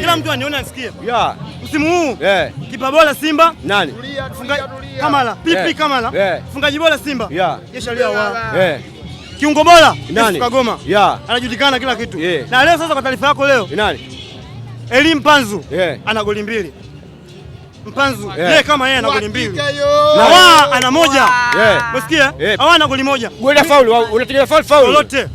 kila mtu anione asikie. Msimu huu kipa bora Simba nani? Kamala pipi Kamala, mfungaji bora Simba Jesha kiungo bora Kagoma, anajulikana kila kitu. Na leo sasa, kwa taarifa yako leo Eli Mpanzu ana goli mbili Mpanzu yeye yeah. Kama yeye ana goli mbili na wa ana moja, umesikia? Awa ana goli moja, goli la faulu, unategemea faulu faulu lolote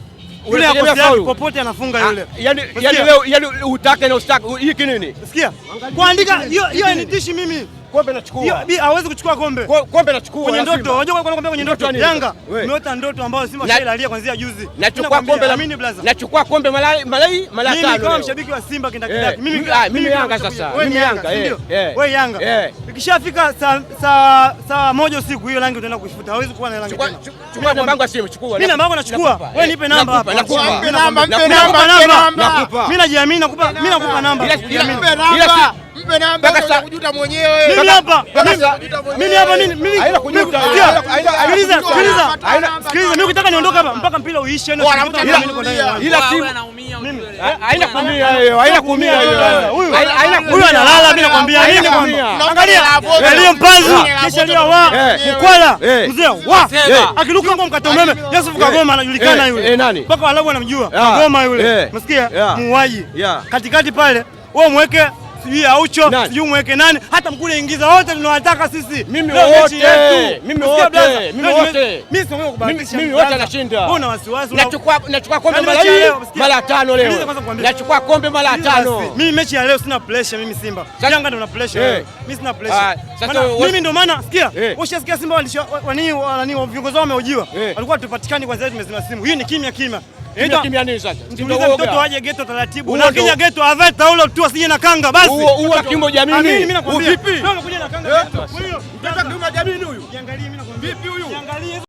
yule popote anafunga ah, yule. Yaani yaani wewe yaani utake na usitake hiki nini? Sikia. Kuandika hiyo hiyo initishi mimi kombe nachukua. Hawezi kuchukua kombe. Kombe nachukua. Kwenye ndoto. Unajua kwa kombe kwenye ndoto? Yanga umeota ndoto ambayo Simba alia kuanzia juzi. Nachukua kombe la mimi brother. Nachukua kombe malai malai malai tano. Mimi kama mshabiki wa Simba kindakindaki. Eh, mimi mimi ah, Yanga sasa. Mimi Yanga. Wewe Yanga. Eh, eh, Ikishafika saa saa saa moja usiku hiyo rangi utaenda kuifuta. Hawezi kuwa na rangi tena. Chukua namba yangu ya simu, chukua. Mimi namba yangu nachukua. Wewe nipe namba hapa. Nakupa namba. Nakupa namba. Mimi najiamini nakupa. Mimi nakupa namba. Nakupa namba. Mpe namba utakuja kujuta mwenyewe. Mimi hapa. Mimi hapa nini? Mimi haina kujuta. Sikiliza, sikiliza. Sikiliza, mimi ukitaka niondoke hapa mpaka mpira uishe. Ila timu haina kuumia hiyo, haina kuumia hiyo. Huyu analala mimi nakwambia nini kwamba. Angalia. Elio mpanzu, kisha elio wa. Mkwala. Mzee wa. Akiruka ngoma mkate umeme. Yusuf Kagoma anajulikana yule. Eh, nani? Mpaka walabu anamjua. Ah. Kagoma yule. Eh. Umesikia? Muuaji. Katikati pale. Wewe mweke sijui Aucho sijui mweke nani, hata mkule ingiza wote tunawataka sisi. Mimi wote mimi wote mimi wote mimi wote anashinda. Una wasiwasi? Nachukua yaani nachukua kombe mara hii mara tano leo, nachukua kombe mara tano. Mimi mechi ya leo sina pressure, mimi Simba Yanga ndio na pressure, eh. mimi sina pressure. Ah, mimi ndio maana sikia, eh. ushasikia Simba wani wani viongozi wao wameojiwa, eh. walikuwa tupatikani kwanza, tumezima simu. Hii ni kimya kimya mtoto aje geto taratibu, na kija geto avae taulo tu asije na kanga basi. Huo kimo jamii mimi nakwambia. Vipi? Ndio anakuja na kanga. Kwa hiyo jamii huyu. Jiangalie mimi nakwambia. Vipi huyu? Jiangalie.